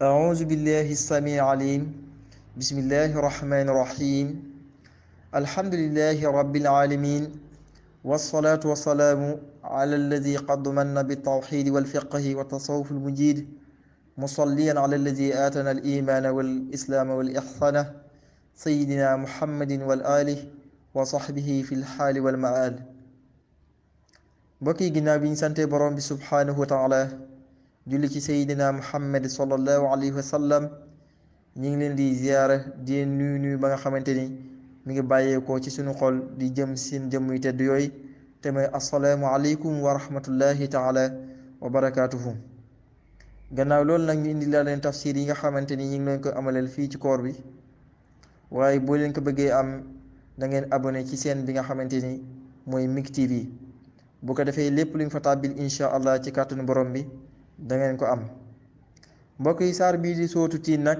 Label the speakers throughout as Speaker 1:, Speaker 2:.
Speaker 1: أعوذ بالله السميع العليم بسم الله الرحمن الرحيم الحمد لله رب العالمين والصلاة والسلام على الذي قد من بالتوحيد والفقه والتصوف المجيد مصليا على الذي آتنا الإيمان والإسلام والإحسان سيدنا محمد والآله وصحبه في الحال والمآل بكي جنابين سنتي برام سبحانه وتعالى julli ci sayyidina muhammad sallallahu alayhi wa sallam ñu ngi leen di ziyaara di leen nuyu ba nga xamante ni mu ngi bàyyeekoo ci suñu xol di jëm seen jëm yu tedd yooyu te mooy assalaamu aleykum wa rahmatullahi taala wa barakaatuhu gannaaw loolu nag ñu indi laa leen tafsir yi nga xamante ni ñu ngi leen ko amaleel fii ci koor bi waaye boo leen ko bëggee am da ngeen abonné ci seen bi nga xamante ni mooy MIK TV bu ko defee lépp lu ñu fa tàbbil incha allah ci kàttanu borom bi dangeen ko am mbokk yi saar bii di sootu tiin nag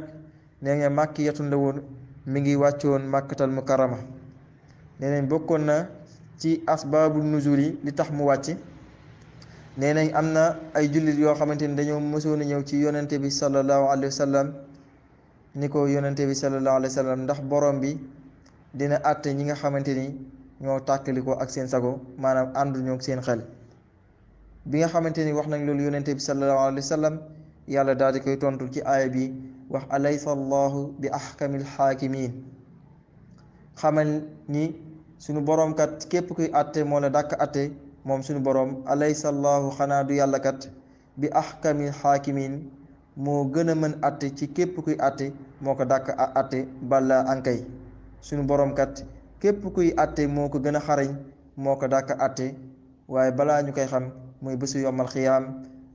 Speaker 1: nee nga màkki yatun la woon mi ngi wàccoon màkkatal mukarama nee nañ bokkoon na ci asbaabul nuzul yi li tax mu wàcc nee nañ am na ay jullit yoo xamante ni dañoo mësoon a ñëw ci yonente bi sallallahu alayhi wa sallam ni ko yonente bi sallallahu alayhi wa sallam ndax borom bi dina àtte ñi nga xamante ni ñoo tàkkalikoo ak seen sago maanaam ànduñoo ak seen xel bi nga xamante ni wax nañ loolu yonente bi sallallahu alayhi wa sallam yàlla daal di koy tontu ci aaya bi wax alaysa allahu bi ahkamil xaakimin xamal ni sunu boroom kat képp kuy atte moo la dàkk atte moom sunu boroom alaysa allahu xanaa du yàlla kat bi ahkamil xaakimin moo gën a mën atte ci képp kuy atte moo ko dàkk atte bala ankay sunu boroom kat képp kuy atte moo ko gën a xarañ moo ko dàkk atte waaye balaa ñu koy xam mooy bésu yomal xiyaam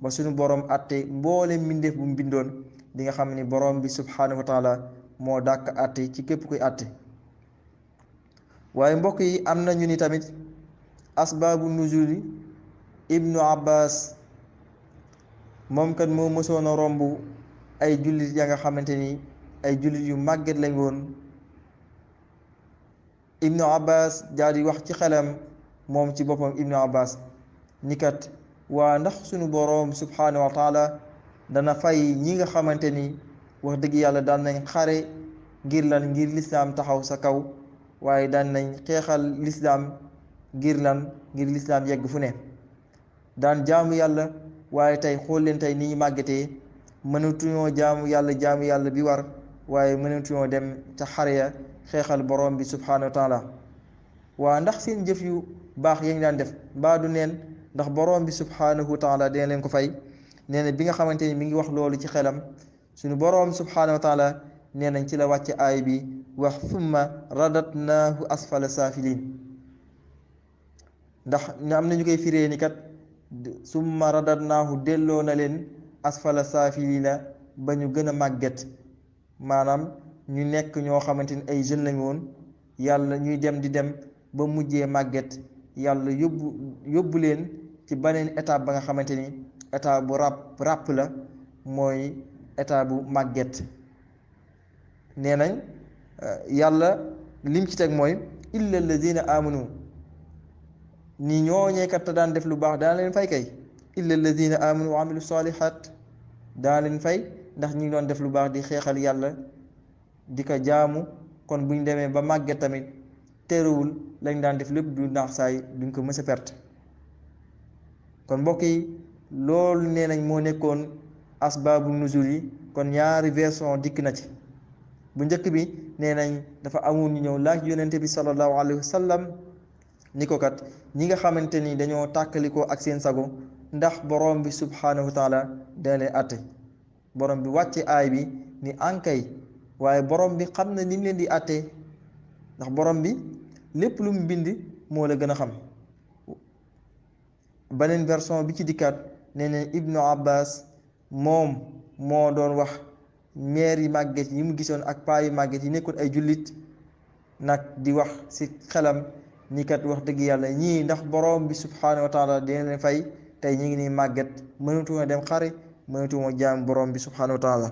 Speaker 1: ba suñu borom atte mboole mbindeef bu mbindoon di nga xam ni boroom bi subhaanahu wa moo dàkk atte ci képp kuy atte waaye mbokk yi am nañu ni tamit asbaabu nuzuli ibnu abbas moom kat moo mësoon a romb ay jullit ya nga xamante ni ay jullit yu màgget lañ woon ibnu abbas daal di wax ci xelam moom ci boppam ibnu abbas ni kat waa ndax suñu boroom subhaanahu wa dana fay ñi nga xamante ni wax dëgg yàlla daan nañ xare ngir lan ngir lislaam taxaw sa kaw waaye daan nañ xeexal lislaam ngir lan ngir lislaam yegg fu ne daan jaamu yàlla waaye tey xool leen tey ni ñu mënatuñoo jaamu yàlla jaamu yàlla bi war waaye mënatuñoo dem ca xare ya xeexal boroom bi subhaanahu wa waa ndax seen jëf yu baax yañ daan def mbaa du neen ndax borom bi subhaanahu wa taala dina leen ko fay nee na bi xamante ni mi ngi wax loolu ci xelam suñu borom subhaanahu wa taala nee nañ ci la wàcce aay bi wax summa radatnaahu asfala saafiliin ndax ñu am nañu koy firee ni kat summa radatnaahu delloo na leen asfala saafiliina ba ñu gën a màgget maanaam ñu nekk ñoo xamante ni ay jeunes lañu woon yàlla ñuy dem di dem ba mujjee màgget yàlla yóbbu yóbbu leen ci beneen étape ba nga xamante ni étape bu ràpp ràpp la mooy étape bu màgget nee nañ eh, yàlla lim ci teg mooy illa alladina amanu ni ñooñeekat te daan def lu baax daan leen fay kay illa alladina amanu wa amilu xat daan leen fay ndax ñi ngi doon def lu baax di xeexal yàlla di ko jaamu kon bu ñu demee ba màgget tamit terewul lañ daan def lépp du naax saay duñ ko mës perte kon mbokk yi loolu nee nañ moo nekkoon asbaabu nuzul yi kon ñaari version dikk na ci bu njëkk bi nee nañ dafa amoon ñu ñëw laaj yonente bi sallallahu alayhi wa sallam ni ko kat ñi nga xamante ni dañoo tàkkalikoo ak seen sago ndax borom bi subhaanahu wa taala da leen atte borom bi wàcce aay bi ni ankay waaye borom bi xam na ni leen di atte ndax borom bi lépp lu mu bind moo la gën a xam beneen version bi ci dikkaat nee na ibnu abbas moom moo doon wax meer màgget yi mu gisoon ak paa màgget yi nekkoon ay jullit nag di wax si xelam ni wax dëgg yàlla ñii ndax borom bi subhaanahu wa taala fay tey ñi ngi nii màgget mënatuma dem xare mënatuma jaam boroom bi subhaanahu wa taala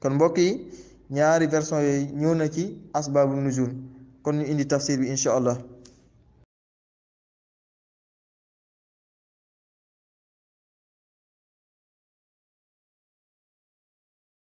Speaker 1: kon mbokk yi ñaari version yooyu ñëw na ci asbaabu nuzul kon ñu indi tafsir bi incha allah